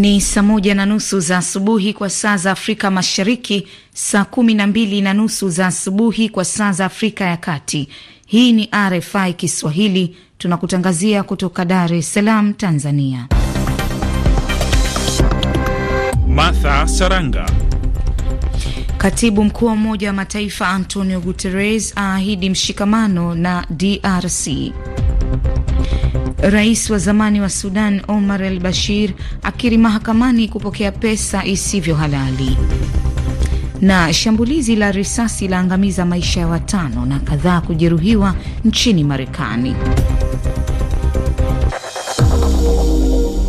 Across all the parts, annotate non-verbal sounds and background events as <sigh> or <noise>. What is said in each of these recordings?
Ni saa moja na nusu za asubuhi kwa saa za Afrika Mashariki, saa kumi na mbili na nusu za asubuhi kwa saa za Afrika ya Kati. Hii ni RFI Kiswahili, tunakutangazia kutoka Dar es Salaam, Tanzania. Martha Saranga. Katibu mkuu wa Umoja wa Mataifa Antonio Guterres aahidi mshikamano na DRC. Rais wa zamani wa Sudan Omar al Bashir akiri mahakamani kupokea pesa isivyo halali. Na shambulizi la risasi laangamiza maisha ya watano na kadhaa kujeruhiwa nchini Marekani.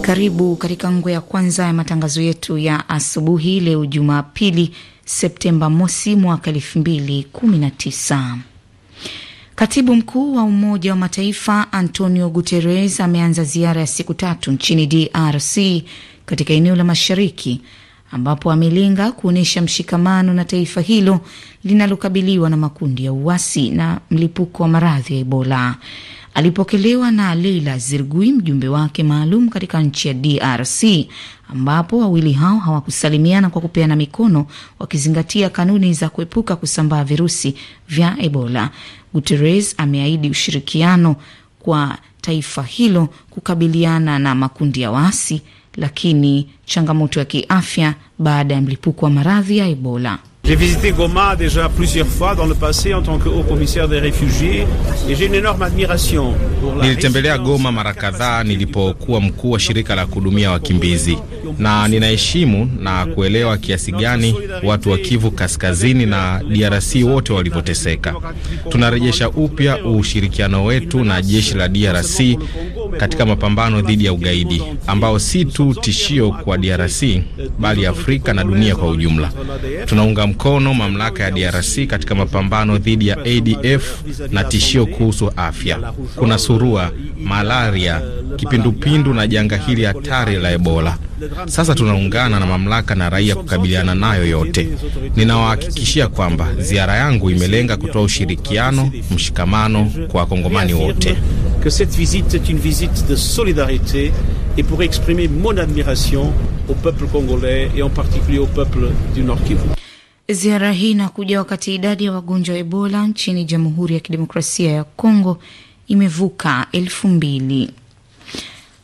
Karibu katika ngwe ya kwanza ya matangazo yetu ya asubuhi leo Jumapili, Septemba mosi mwaka elfu mbili kumi na tisa. Katibu mkuu wa Umoja wa Mataifa Antonio Guterres ameanza ziara ya siku tatu nchini DRC katika eneo la mashariki ambapo amelenga kuonyesha mshikamano na taifa hilo linalokabiliwa na makundi ya uasi na mlipuko wa maradhi ya Ebola. Alipokelewa na Leila Zirgui, mjumbe wake maalum katika nchi ya DRC, ambapo wawili hao hawakusalimiana kwa kupeana mikono, wakizingatia kanuni za kuepuka kusambaa virusi vya Ebola. Guterres ameahidi ushirikiano kwa taifa hilo kukabiliana na makundi ya waasi, lakini changamoto ya kiafya baada ya mlipuko wa maradhi ya Ebola. J'ai visité Goma déjà plusieurs fois dans le passé en tant que haut commissaire des réfugiés et j'ai une énorme admiration pour la. Nilitembelea Goma mara kadhaa nilipokuwa mkuu wa shirika la kuhudumia wakimbizi, na ninaheshimu na kuelewa kiasi gani watu wa Kivu Kaskazini na DRC wote walivyoteseka. Tunarejesha upya ushirikiano wetu na jeshi la DRC katika mapambano dhidi ya ugaidi ambao si tu tishio kwa DRC bali Afrika na dunia kwa ujumla. Tunaunga mkono mamlaka ya DRC katika mapambano dhidi ya ADF na tishio kuhusu afya. Kuna surua, malaria, kipindupindu na janga hili hatari la Ebola. Sasa tunaungana na mamlaka na raia kukabiliana nayo yote. Ninawahakikishia kwamba ziara yangu imelenga kutoa ushirikiano, mshikamano kwa wakongomani wote. Et pour exprimer mon admiration au peuple congolais et en particulier au peuple du Nord Kivu. Ziara hii inakuja wakati idadi ya wagonjwa wa Ebola nchini Jamhuri ya Kidemokrasia ya Kongo imevuka elfu mbili.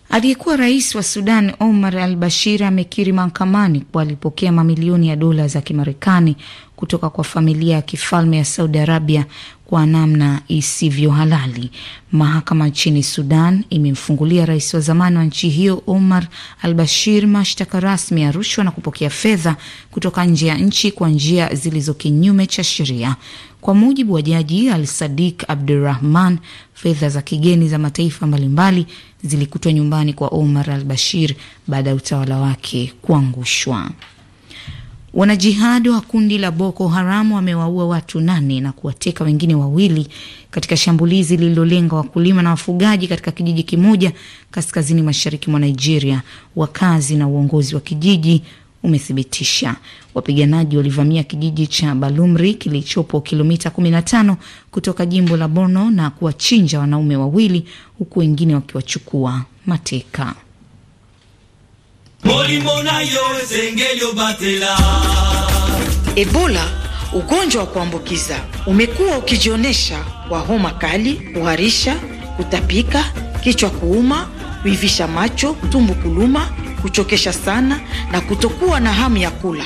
Aliyekuwa rais wa Sudan Omar al Bashir amekiri mahakamani kuwa alipokea mamilioni ya dola za Kimarekani kutoka kwa familia ya kifalme ya Saudi Arabia kwa namna isivyo halali. Mahakama nchini Sudan imemfungulia rais wa zamani wa nchi hiyo Omar al Bashir mashtaka rasmi ya rushwa na kupokea fedha kutoka nje ya nchi kwa njia zilizo kinyume cha sheria. Kwa mujibu wa jaji Al Sadik Abdurahman, fedha za kigeni za mataifa mbalimbali zilikutwa nyumbani kwa Omar al Bashir baada ya utawala wake kuangushwa. Wanajihadi wa kundi la Boko Haramu wamewaua watu nane na kuwateka wengine wawili katika shambulizi lililolenga wakulima na wafugaji katika kijiji kimoja kaskazini mashariki mwa Nigeria, wakazi na uongozi wa kijiji umethibitisha. Wapiganaji walivamia kijiji cha Balumri kilichopo kilomita 15 kutoka jimbo la Borno na kuwachinja wanaume wawili huku wengine wakiwachukua mateka. Ebola, ugonjwa wa kuambukiza, umekuwa ukijionyesha kwa homa kali, kuharisha, kutapika, kichwa kuuma, kuivisha macho, tumbo kuluma, kuchokesha sana na kutokuwa na hamu ya kula.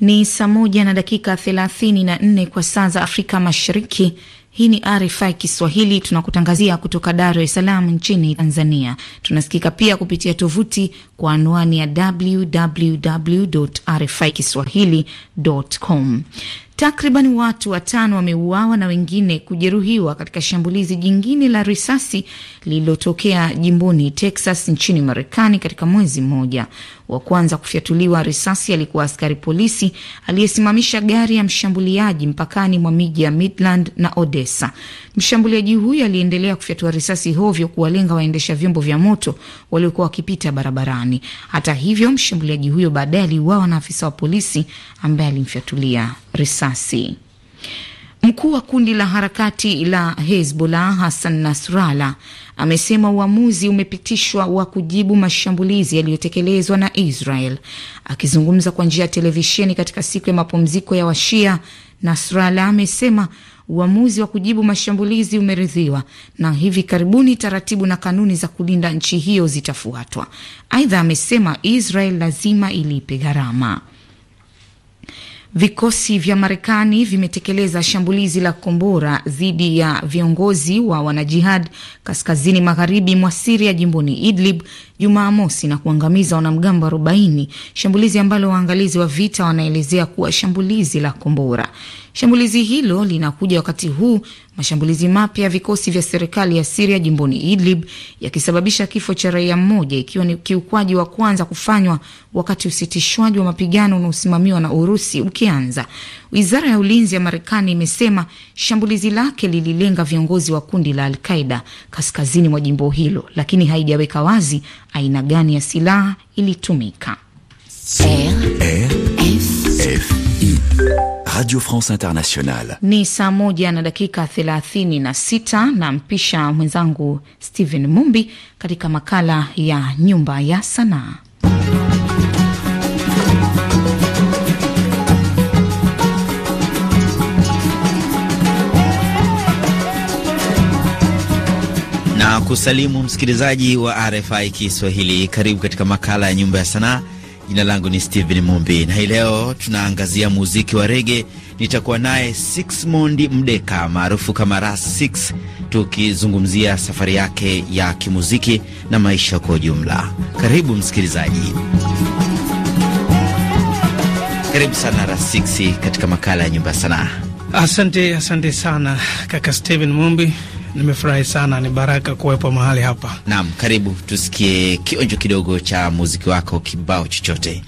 Ni saa moja na dakika 34 kwa saa za Afrika Mashariki. Hii ni RFI Kiswahili, tunakutangazia kutoka Dar es Salaam nchini Tanzania. Tunasikika pia kupitia tovuti kwa anwani ya www RFI kiswahilicom. Takriban watu watano wameuawa na wengine kujeruhiwa katika shambulizi jingine la risasi lililotokea jimboni Texas nchini Marekani katika mwezi mmoja. Wa kwanza kufyatuliwa risasi alikuwa askari polisi aliyesimamisha gari ya mshambuliaji mpakani mwa miji ya Midland na Odessa. Mshambuliaji huyo aliendelea kufyatua risasi hovyo kuwalenga waendesha vyombo vya moto waliokuwa wakipita barabarani. Hata hivyo, mshambuliaji huyo baadaye aliuawa na afisa wa polisi ambaye alimfyatulia risasi. Mkuu wa kundi la harakati la Hezbollah Hassan nasrala amesema uamuzi umepitishwa wa kujibu mashambulizi yaliyotekelezwa na Israel. Akizungumza kwa njia ya televisheni katika siku ya mapumziko ya Washia, nasrala amesema uamuzi wa kujibu mashambulizi umeridhiwa na hivi karibuni taratibu na kanuni za kulinda nchi hiyo zitafuatwa. Aidha amesema Israel lazima ilipe gharama. Vikosi vya Marekani vimetekeleza shambulizi la kombora dhidi ya viongozi wa wanajihad kaskazini magharibi mwa Siria jimboni Idlib Jumamosi na kuangamiza wanamgambo 40, shambulizi ambalo waangalizi wa vita wanaelezea kuwa shambulizi la kombora. Shambulizi hilo linakuja wakati huu mashambulizi mapya ya vikosi vya serikali ya Siria jimboni Idlib yakisababisha kifo cha raia mmoja, ikiwa ni kiukwaji wa kwanza kufanywa wakati usitishwaji wa mapigano unaosimamiwa na Urusi ukianza. Wizara ya ulinzi ya Marekani imesema shambulizi lake lililenga viongozi wa kundi la Alqaida kaskazini mwa jimbo hilo, lakini haijaweka wazi aina gani ya silaha ilitumika. F Radio France Internationale. Ni saa moja na dakika 36 na, na mpisha mwenzangu Stephen Mumbi katika makala ya nyumba ya sanaa. Na kusalimu msikilizaji wa RFI Kiswahili, karibu katika makala ya nyumba ya sanaa Jina langu ni Steven Mumbi na hii leo tunaangazia muziki wa rege. Nitakuwa naye Sixmond Mdeka maarufu kama Ras tukizungumzia safari yake ya kimuziki na maisha kwa ujumla. Karibu msikilizaji. Karibu sana Ras katika makala ya nyumba sanaa. Asante, asante sana kaka Steven Mumbi. Nimefurahi sana, ni baraka kuwepo mahali hapa. Naam, karibu tusikie kionjo kidogo cha muziki wako, kibao chochote.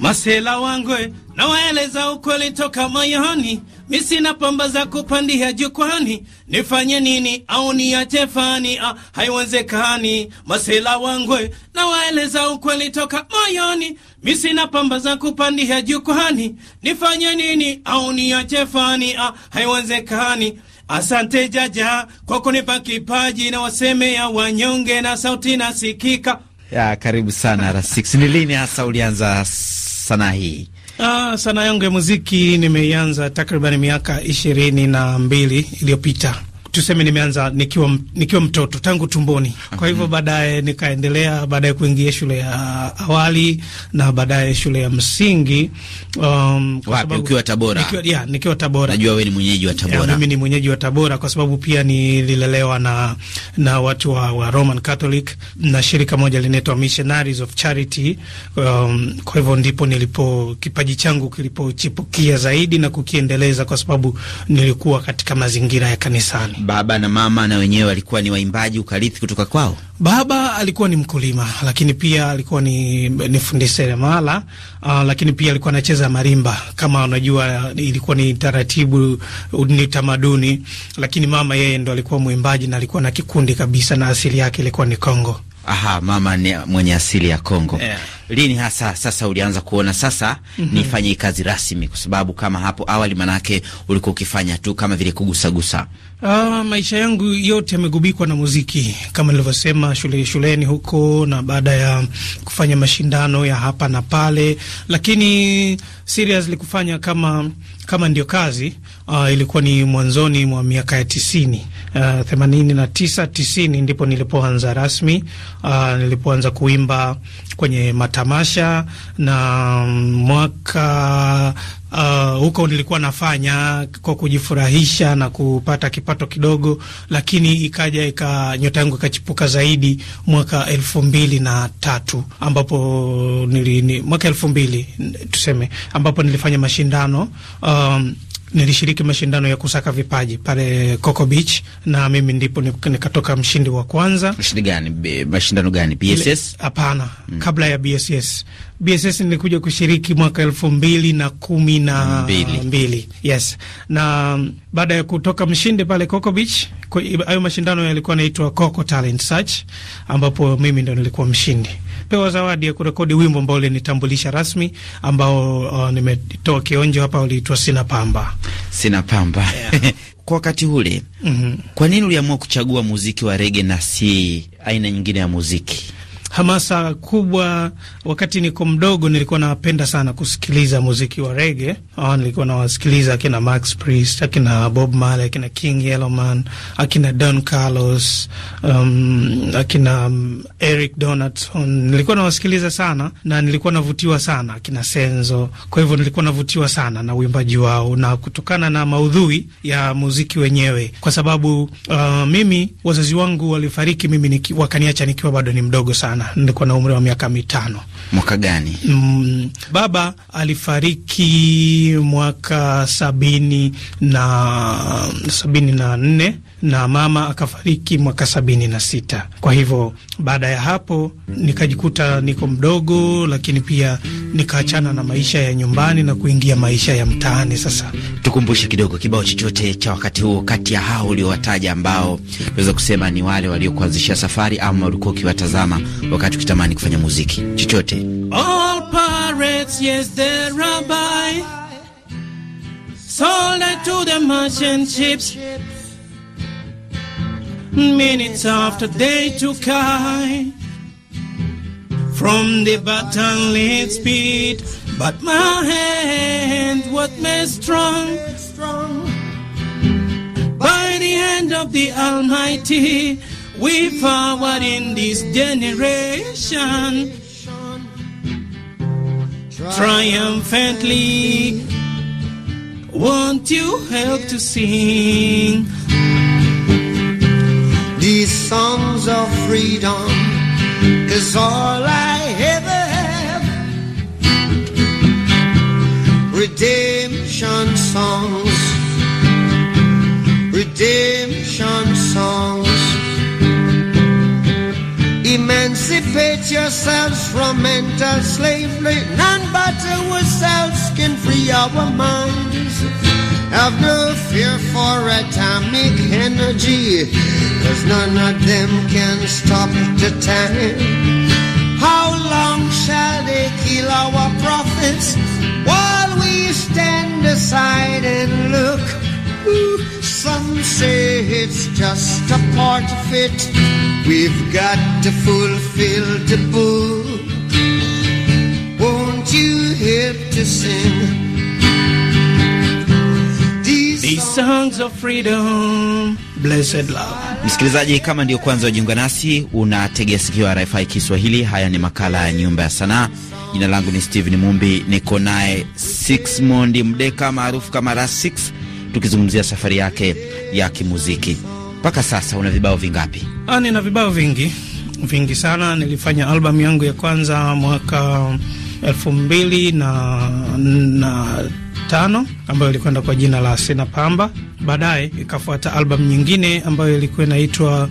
Masela wangwe nawaeleza ukweli toka moyoni, mi sina pamba za kupandia jukwani, nifanye nini au niache fani? Ah, haiwezekani. Masela wangwe nawaeleza ukweli toka moyoni, mi sina pamba za kupandia jukwani, nifanye nini au niache fani? Ah, haiwezekani. Asante Jaja, kwa kunipa kipaji na waseme ya wanyonge na sauti nasikika. Ya, karibu sana R6. Ni lini hasa ulianza sanaa hii? Ah, sanaa yangu ya muziki nimeianza takriban miaka ishirini na mbili iliyopita tuseme nimeanza nikiwa, nikiwa mtoto tangu tumboni. Kwa hivyo mhm. baadaye nikaendelea baadaye kuingia shule ya awali na baadaye shule ya msingi um, kwa sababu ukiwa Tabora, nikiwa, ya, nikiwa Tabora. Najua wewe ni mwenyeji wa Tabora. Mimi ni mwenyeji wa Tabora kwa sababu pia nililelewa na, na watu wa, wa Roman Catholic na shirika moja linaitwa Missionaries of Charity um, kwa hivyo ndipo nilipo kipaji changu kilipochipukia zaidi na kukiendeleza kwa sababu nilikuwa katika mazingira ya kanisani. Baba na mama na wenyewe walikuwa ni waimbaji, ukarithi kutoka kwao. Baba alikuwa ni mkulima, lakini pia alikuwa ni, ni fundi seremala uh, lakini pia alikuwa anacheza marimba. Kama unajua, ilikuwa ni taratibu, ni tamaduni. Lakini mama yeye ndo alikuwa mwimbaji na alikuwa na kikundi kabisa, na asili yake ilikuwa ni Kongo. Aha, mama ni mwenye asili ya Kongo yeah. Lini hasa sasa ulianza kuona sasa mm -hmm. nifanye kazi rasmi, kwa sababu kama hapo awali manake ulikuwa ukifanya tu kama vile kugusagusa? Ah, maisha yangu yote yamegubikwa na muziki kama nilivyosema, shule shuleni huko na baada ya kufanya mashindano ya hapa na pale, lakini seriously kufanya kama kama ndio kazi uh, ilikuwa ni mwanzoni mwa miaka ya tisini uh, themanini na tisa tisini ndipo nilipoanza rasmi uh, nilipoanza kuimba kwenye matamasha na mwaka uh, huko nilikuwa nafanya kwa kujifurahisha na kupata kipato kidogo, lakini ikaja ika nyota yangu ikachipuka zaidi mwaka elfu mbili na tatu ambapo nili, ni, mwaka elfu mbili tuseme ambapo nilifanya mashindano um, nilishiriki mashindano ya kusaka vipaji pale Coco Beach na mimi ndipo nikatoka mshindi wa kwanza. Mshindi gani? Mashindano gani? BSS? Hapana, mm. Kabla ya BSS. BSS nilikuja kushiriki mwaka elfu mbili na kumi na mbili. mbili. Yes. Na mm, baada ya kutoka mshindi pale Coco Beach, hayo mashindano yalikuwa yanaitwa Coco Talent Search ambapo mimi ndo nilikuwa mshindi pewa zawadi ya kurekodi wimbo ambao ulinitambulisha rasmi ambao uh, nimetoa kionjo hapa, uliitwa sina pamba, sina pamba yeah. <laughs> Kwa wakati ule mm -hmm. Kwa nini uliamua kuchagua muziki wa rege na si aina nyingine ya muziki? hamasa kubwa. Wakati niko mdogo, nilikuwa napenda sana kusikiliza muziki wa rege. Ah, nilikuwa nawasikiliza akina Max Priest, akina Bob Marley, akina King Eloman, akina Don Carlos, um, akina um, Eric Donaldson. Nilikuwa nawasikiliza sana na nilikuwa navutiwa sana akina Senzo. Kwa hivyo nilikuwa navutiwa sana na uimbaji wao na kutokana na maudhui ya muziki wenyewe, kwa sababu uh, mimi wazazi wangu walifariki, mimi niki, wakaniacha nikiwa bado ni mdogo sana sana, nilikuwa na umri wa miaka mitano. Mwaka gani? Mm, baba alifariki mwaka sabini na sabini na nne na mama akafariki mwaka sabini na sita. Kwa hivyo baada ya hapo nikajikuta niko mdogo, lakini pia nikaachana na maisha ya nyumbani na kuingia maisha ya mtaani. Sasa tukumbushe kidogo kibao chochote cha wakati huo kati ya hao uliowataja, ambao unaweza kusema ni wale waliokuanzishia safari ama walikuwa ukiwatazama wakati ukitamani kufanya muziki chochote. All pirates, yes, they're sold to the merchant ships minutes after they took I from the lead speed, but my hand was made strong by the hand of the Almighty. We forward in this generation triumphantly. Won't you help to sing? these songs of freedom is all I ever have. Redemption songs, redemption songs. Emancipate yourselves from mental slavery, none but ourselves can free our minds. Have no fear for atomic energy, cause none of them can stop the time. How long shall they kill our prophets while we stand aside and look? some say it's just a part of it. We've got to fulfill the book. Won't you help to sing? songs of freedom, blessed love. Msikilizaji, kama ndiyo kwanza wajiunga nasi, unategea sikio ya RFI Kiswahili. Haya ni makala ya Nyumba ya Sanaa. Jina langu ni Steven Mumbi, niko naye Sixmond Mdeka maarufu kama Ras6, tukizungumzia safari yake ya kimuziki. Mpaka sasa una vibao vingapi? Ah, nina vibao vingi vingi sana. Nilifanya albamu yangu ya kwanza mwaka elfu mbili na, na tano ambayo ilikwenda kwa jina la Sina Pamba. Baadaye ikafuata albamu nyingine ambayo ilikuwa inaitwa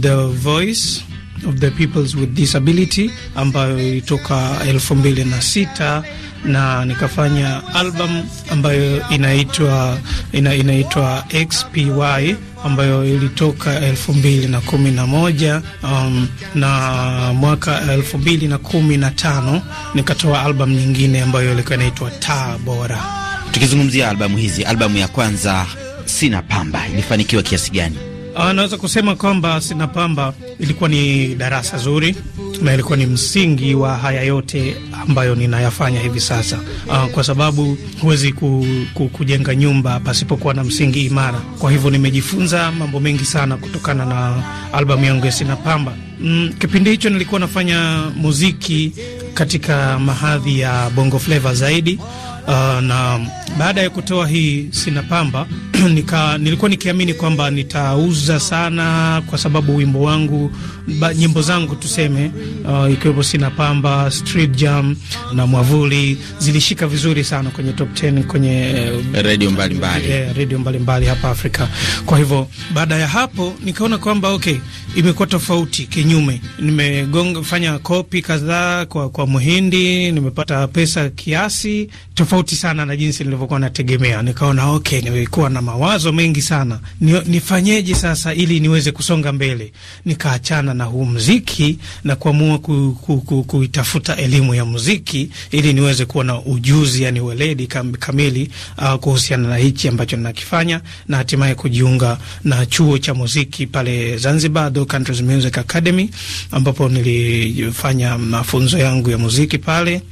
The Voice of the Peoples with Disability ambayo ilitoka elfu mbili na sita na nikafanya albamu ambayo inaitwa ina, inaitwa XPY ambayo ilitoka elfu mbili na kumi na moja um, na mwaka elfu mbili na kumi na tano nikatoa albamu nyingine ambayo ilikuwa inaitwa Taa Bora. Tukizungumzia albamu hizi, albamu ya kwanza Sina Pamba ilifanikiwa kiasi gani? Ah, naweza kusema kwamba Sina Pamba ilikuwa ni darasa zuri na ilikuwa ni msingi wa haya yote ambayo ninayafanya hivi sasa. Aa, ah, kwa sababu huwezi ku, ku, kujenga nyumba pasipokuwa na msingi imara. Kwa hivyo nimejifunza mambo mengi sana kutokana na albamu yangu ya Sina Pamba. Mm, kipindi hicho nilikuwa nafanya muziki katika mahadhi ya Bongo Flava zaidi Uh, na baada ya kutoa hii sina pamba <clears throat> nika, nilikuwa nikiamini kwamba nitauza sana kwa sababu wimbo wangu ba, nyimbo zangu tuseme, uh, ikiwepo sina pamba Street Jam na Mwavuli zilishika vizuri sana kwenye top 10 kwenye uh, eh, redio mbalimbali yeah, redio mbalimbali hapa Afrika. Kwa hivyo baada ya hapo nikaona kwamba okay, imekuwa tofauti kinyume. Nimegonga fanya kopi kadhaa kwa, kwa Muhindi, nimepata pesa kiasi tofauti tofauti sana na jinsi nilivyokuwa nategemea. Nikaona okay, nilikuwa na mawazo mengi sana ni, nifanyeje sasa ili niweze kusonga mbele. Nikaachana na huu mziki na kuamua ku, ku, ku, kuitafuta elimu ya muziki ili niweze kuwa na ujuzi, yani weledi kam, kamili uh, kuhusiana na hichi ambacho ninakifanya na hatimaye kujiunga na chuo cha muziki pale Zanzibar, Dhow Countries Music Academy ambapo nilifanya mafunzo yangu ya muziki pale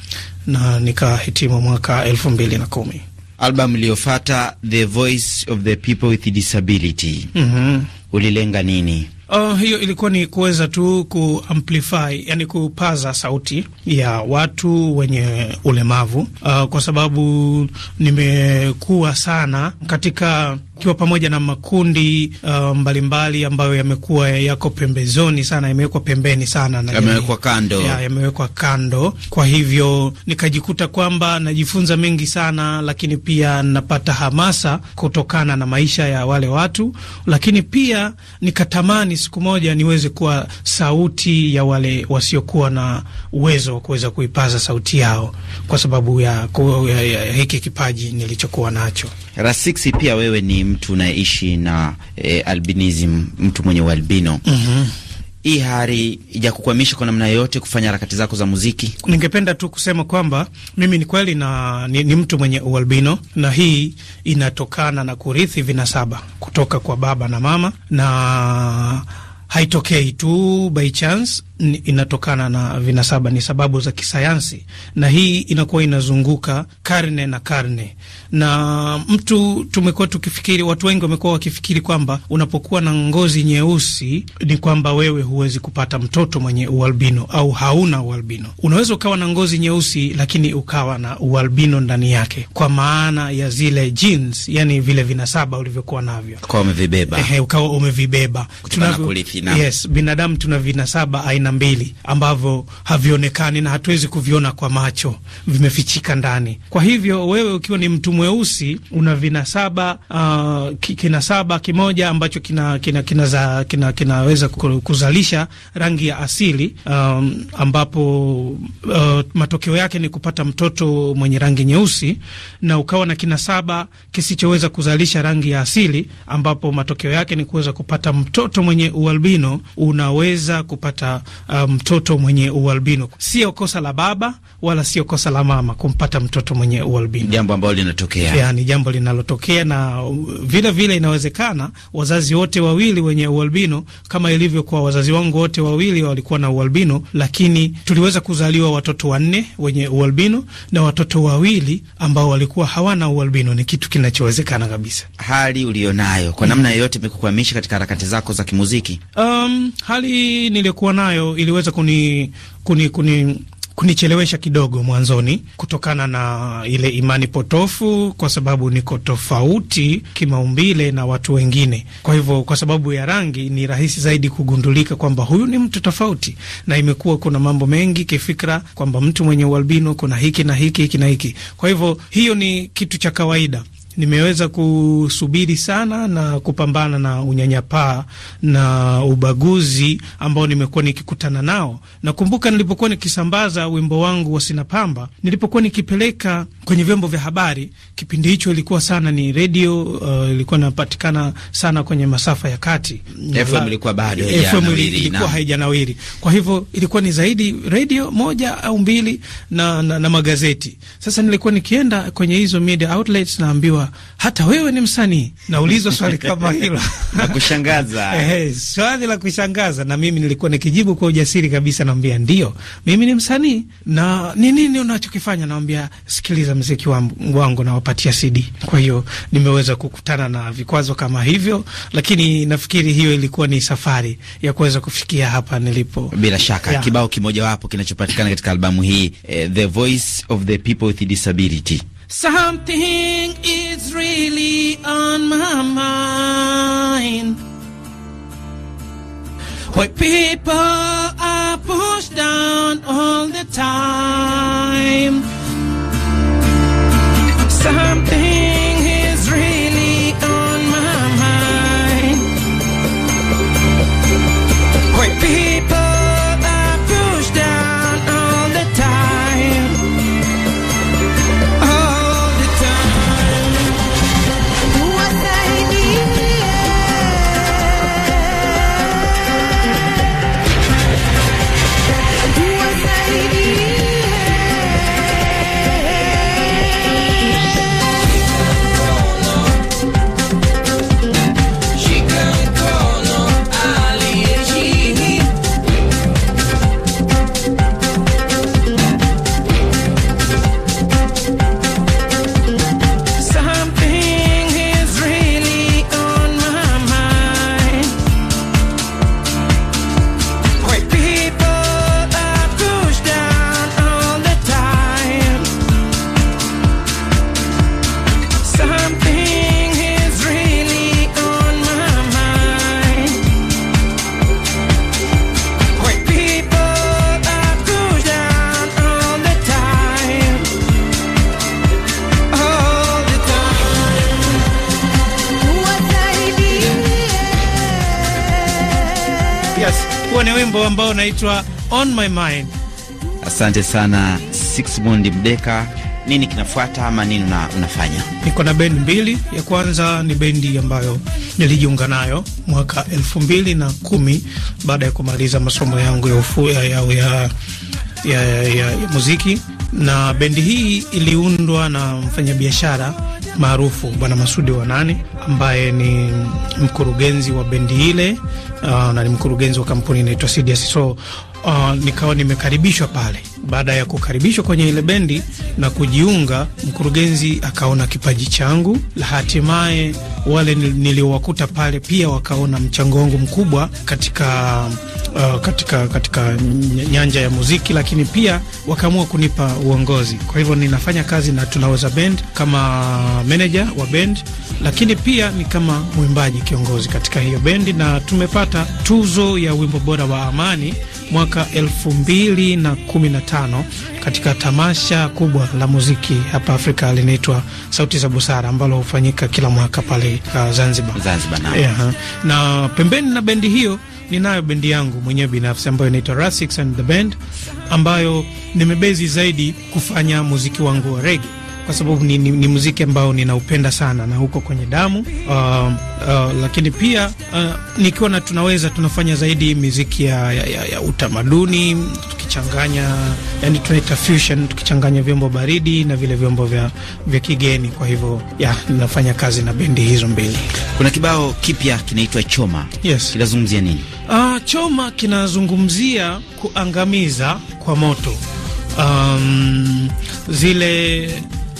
na nikahitimu mwaka elfu mbili na kumi. Albamu iliyofata The Voice of the People with Disability, mm -hmm. ulilenga nini? Uh, hiyo ilikuwa ni kuweza tu kuamplify, yani kupaza sauti ya watu wenye ulemavu uh, kwa sababu nimekuwa sana katika kiwa pamoja na makundi uh, mbalimbali mbali ambayo yamekuwa yako pembezoni sana, yamewekwa pembeni sana na yamewekwa kando, yamewekwa kando. Kwa hivyo nikajikuta kwamba najifunza mengi sana, lakini pia napata hamasa kutokana na maisha ya wale watu, lakini pia nikatamani siku moja niweze kuwa sauti ya wale wasiokuwa na uwezo wa kuweza kuipaza sauti yao kwa sababu ya, ya, ya hiki kipaji nilichokuwa nacho. Rasiksi, pia wewe ni mtu unayeishi na eh, albinism, mtu mwenye ualbino. mm -hmm hii hali kukwamisha kwa namna yoyote kufanya harakati zako za muziki? Ningependa tu kusema kwamba mimi ni kweli na ni, ni mtu mwenye ualbino na hii inatokana na kurithi vinasaba kutoka kwa baba na mama, na haitokei tu by chance inatokana na vinasaba, ni sababu za kisayansi, na hii inakuwa inazunguka karne na karne, na mtu tumekuwa tukifikiri, watu wengi wamekuwa wakifikiri kwamba unapokuwa na ngozi nyeusi ni kwamba wewe huwezi kupata mtoto mwenye ualbino au hauna ualbino. Unaweza ukawa na ngozi nyeusi lakini ukawa na ualbino ndani yake, kwa maana ya zile genes, yani vile vinasaba ulivyokuwa navyo ukawa umevibeba. Ehe, ukawa umevibeba. Tunavyo, yes, binadamu tuna vinasaba aina mbili ambavyo havionekani na hatuwezi kuviona kwa macho, vimefichika ndani. Kwa hivyo wewe ukiwa ni mtu mweusi una vinasaba uh, kinasaba kimoja ambacho kinaweza kina, kina kina, kinaweza kuzalisha rangi ya asili um, ambapo uh, matokeo yake ni kupata mtoto mwenye rangi nyeusi, na ukawa na kinasaba kisichoweza kuzalisha rangi ya asili ambapo matokeo yake ni kuweza kupata mtoto mwenye ualbino, unaweza kupata Uh, mtoto um, mwenye ualbino. Sio kosa la baba wala sio kosa la mama kumpata mtoto mwenye ualbino, jambo ambalo linatokea, yani jambo linalotokea, na uh, vile vile inawezekana wazazi wote wawili wenye ualbino, kama ilivyo kwa wazazi wangu wote wawili walikuwa na ualbino, lakini tuliweza kuzaliwa watoto wanne wenye ualbino na watoto wawili ambao walikuwa hawana ualbino. Ni kitu kinachowezekana kabisa. Hali ulionayo kwa namna yoyote imekukwamisha katika harakati zako za kimuziki? Um, hali nilikuwa nayo ambayo iliweza kuni, kuni, kuni kunichelewesha kidogo mwanzoni kutokana na ile imani potofu, kwa sababu niko tofauti kimaumbile na watu wengine. Kwa hivyo, kwa sababu ya rangi ni rahisi zaidi kugundulika kwamba huyu ni mtu tofauti, na imekuwa kuna mambo mengi kifikra kwamba mtu mwenye ualbino kuna hiki na hiki hiki na hiki. Kwa hivyo, hiyo ni kitu cha kawaida, nimeweza kusubiri sana na kupambana na unyanyapaa na ubaguzi ambao nimekuwa nikikutana nao. Nakumbuka nilipokuwa nikisambaza wimbo wangu wa Sinapamba, nilipokuwa nikipeleka kwenye vyombo vya habari, kipindi hicho ilikuwa sana ni redio, uh, ilikuwa inapatikana sana kwenye masafa ya kati, FM ilikuwa bado haijanawiri, kwa hivyo ilikuwa ni zaidi redio moja au mbili na, na, na magazeti. Sasa nilikuwa nikienda kwenye hizo media outlets, naambiwa unaulizwa hata wewe ni msanii, naulizwa swali kama hilo la <laughs> kushangaza <laughs> eh, swali la kushangaza. Na mimi nilikuwa nikijibu kwa ujasiri kabisa, naambia ndio, mimi ni msanii. Na ni nini unachokifanya? Naambia sikiliza mziki wangu, wangu nawapatia CD. Kwa hiyo nimeweza kukutana na vikwazo kama hivyo, lakini nafikiri hiyo ilikuwa ni safari ya kuweza kufikia hapa nilipo. Bila shaka yeah. Kibao kimojawapo kinachopatikana katika albamu hii eh, The Voice of the People with Disability Something is really on my mind. Why people are pushed down all the time. unaitwa On My Mind. Asante sana Sixmond Mdeka. Nini kinafuata ama nini una, unafanya? Niko na bendi mbili. Ya kwanza ni bendi ambayo nilijiunga nayo mwaka elfu mbili na kumi baada ya kumaliza masomo yangu ya, ufu, ya, ya, ya, ya, ya, ya, ya muziki, na bendi hii iliundwa na mfanyabiashara maarufu Bwana Masudi wa Nani ambaye ni mkurugenzi wa bendi ile uh, na ni mkurugenzi wa kampuni inaitwa CDS. So uh, nikawa nimekaribishwa pale. Baada ya kukaribishwa kwenye ile bendi na kujiunga, mkurugenzi akaona kipaji changu, la hatimaye wale niliowakuta pale pia wakaona mchango wangu mkubwa katika Uh, katika, katika nyanja ya muziki lakini pia wakaamua kunipa uongozi. Kwa hivyo ninafanya kazi na Tunaweza Band kama manager wa band, lakini pia pia ni kama mwimbaji kiongozi katika hiyo bendi, na tumepata tuzo ya wimbo bora wa amani mwaka 2015 katika tamasha kubwa la muziki hapa Afrika linaitwa Sauti za Busara ambalo hufanyika kila mwaka pale uh, Zanzibar, Zanzibar na. Yeah, na pembeni na bendi hiyo ninayo bendi yangu mwenyewe binafsi ambayo inaitwa Rasix and the Band ambayo nimebezi zaidi kufanya muziki wangu wa reggae kwa sababu ni, ni, ni muziki ambao ninaupenda sana na huko kwenye damu uh, uh, lakini pia uh, nikiwa na tunaweza tunafanya zaidi muziki ya, ya, ya, ya utamaduni tukichanganya, yani tunaita fusion, tukichanganya vyombo baridi na vile vyombo vya, vya kigeni. Kwa hivyo ya ninafanya kazi na bendi hizo mbili. Kuna kibao kipya kinaitwa Choma. Yes. Kinazungumzia nini? Uh, Choma kinazungumzia kuangamiza kwa moto um, zile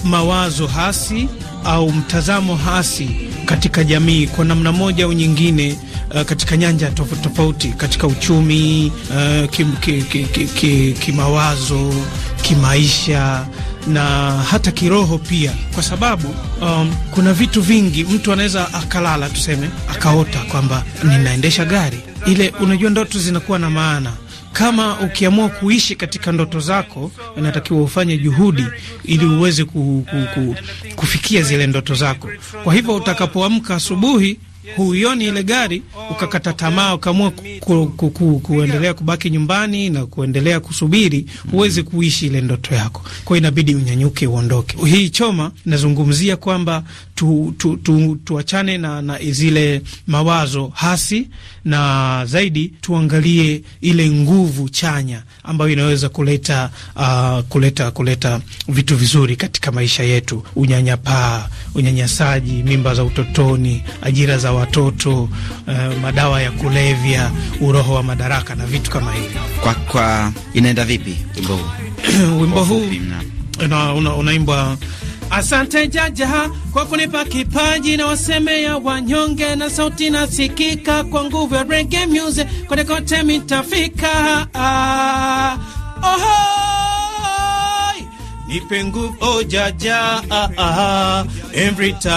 mawazo hasi au mtazamo hasi katika jamii kwa namna moja au nyingine, uh, katika nyanja tofauti tofauti, katika uchumi, uh, kimawazo, ki, ki, ki, ki kimaisha na hata kiroho pia, kwa sababu um, kuna vitu vingi mtu anaweza akalala, tuseme akaota kwamba ninaendesha gari ile, unajua ndoto zinakuwa na maana kama ukiamua kuishi katika ndoto zako, inatakiwa ufanye juhudi ili uweze ku, ku, ku, kufikia zile ndoto zako. Kwa hivyo utakapoamka asubuhi huioni ile gari ukakata tamaa ukaamua ku, ku, ku, kuendelea kubaki nyumbani na kuendelea kusubiri, huwezi kuishi ile ndoto yako. Kwa hiyo inabidi unyanyuke uondoke. Hii choma nazungumzia kwamba tu, tu, tu, tuachane na, na zile mawazo hasi na zaidi tuangalie ile nguvu chanya ambayo inaweza kuleta, uh, kuleta, kuleta vitu vizuri katika maisha yetu: unyanyapaa, unyanyasaji, mimba za utotoni, ajira za watoto uh, madawa ya kulevya, uroho wa madaraka na vitu kama hivyo. Kwa, kwa inaenda vipi wimbo huu? <clears throat> Wimbo huu unaimbwa una Asante jaja kwa kunipa kipaji na wasemea wanyonge na sauti nasikika kwa nguvu ya reggae music kote kote mitafika. Oho, nipe nguvu oh, jaja every time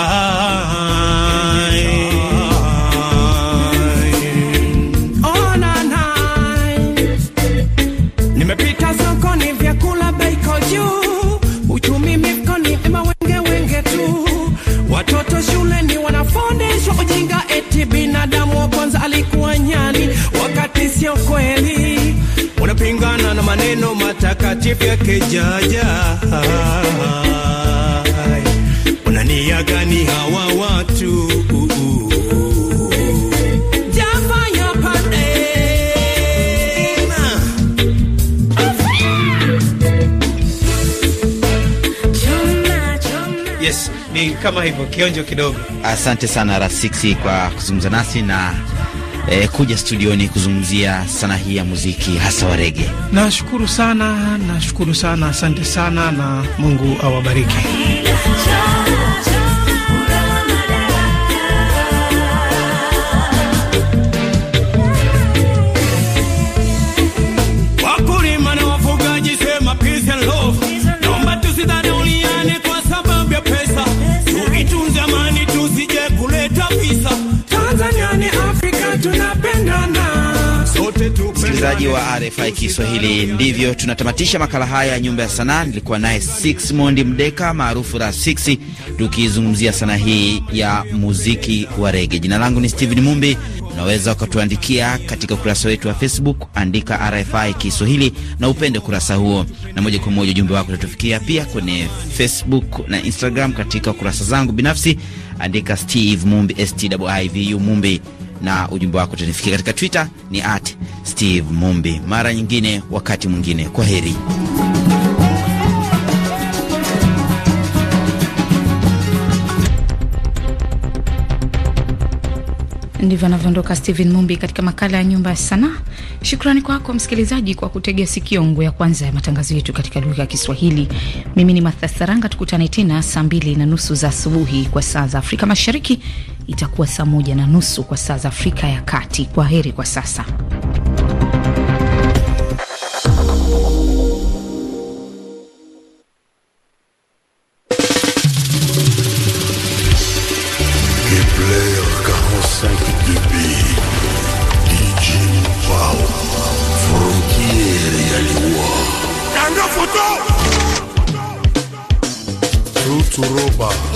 watoto shuleni wanafundishwa ujinga, eti binadamu wa kwanza alikuwa nyani, wakati sio kweli. Unapingana na maneno matakatifu ya kejaja, unania gani hawa watu? ni kama hivyo kionjo kidogo. Asante sana Rasiksi kwa kuzungumza nasi na E, kuja studioni kuzungumzia sanaa hii ya muziki hasa wa rege. Nashukuru sana, nashukuru sana, asante sana na Mungu awabariki. Msikilizaji wa RFI Kiswahili, ndivyo tunatamatisha makala haya ya Nyumba ya Sanaa. Nilikuwa naye Sixmond Mdeka maarufu Rasixi, tukizungumzia sanaa hii ya muziki wa rege. Jina langu ni Steven Mumbi. Unaweza ukatuandikia katika ukurasa wetu wa Facebook, andika RFI Kiswahili na upende ukurasa huo, na moja kwa moja ujumbe wako utatufikia. Pia kwenye Facebook na Instagram, katika kurasa zangu binafsi andika Steve Mumbi, Stivu Mumbi na ujumbe wako utanifikia katika Twitter ni at Steve Mumbi. Mara nyingine, wakati mwingine, kwa heri. Ndivyo anavyoondoka Steven Mumbi katika makala ya Nyumba ya Sanaa. Shukrani kwako msikilizaji kwa kutegea sikio ngu ya kwanza ya matangazo yetu katika lugha ya Kiswahili. Mimi ni Martha Saranga, tukutane tena saa mbili na nusu za asubuhi kwa saa za Afrika Mashariki itakuwa saa moja na nusu kwa saa za Afrika ya Kati. Kwa heri kwa sasa. Roba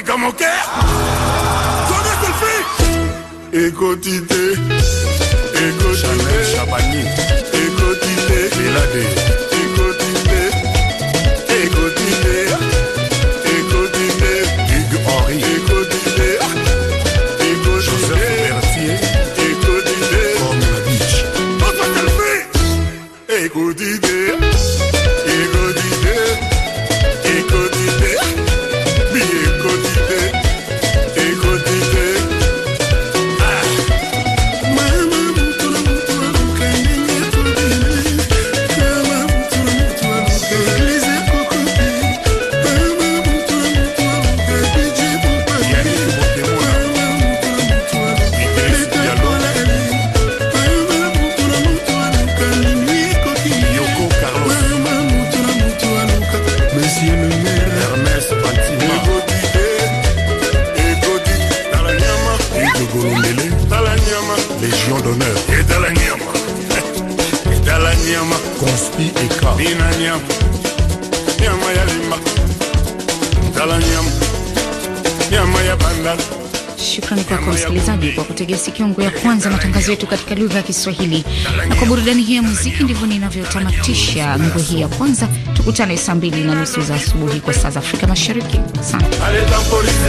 avec dans mon cœur J'en ai compris Écotité Écotité Chabani Écotité Béladé kiungo ya kwanza matangazo yetu katika lugha ya Kiswahili. Na kwa burudani hii ya muziki, ndivyo ninavyotamatisha ngwe hii ya kwanza. Tukutane saa mbili na nusu za asubuhi kwa saa za Afrika Mashariki. Asante.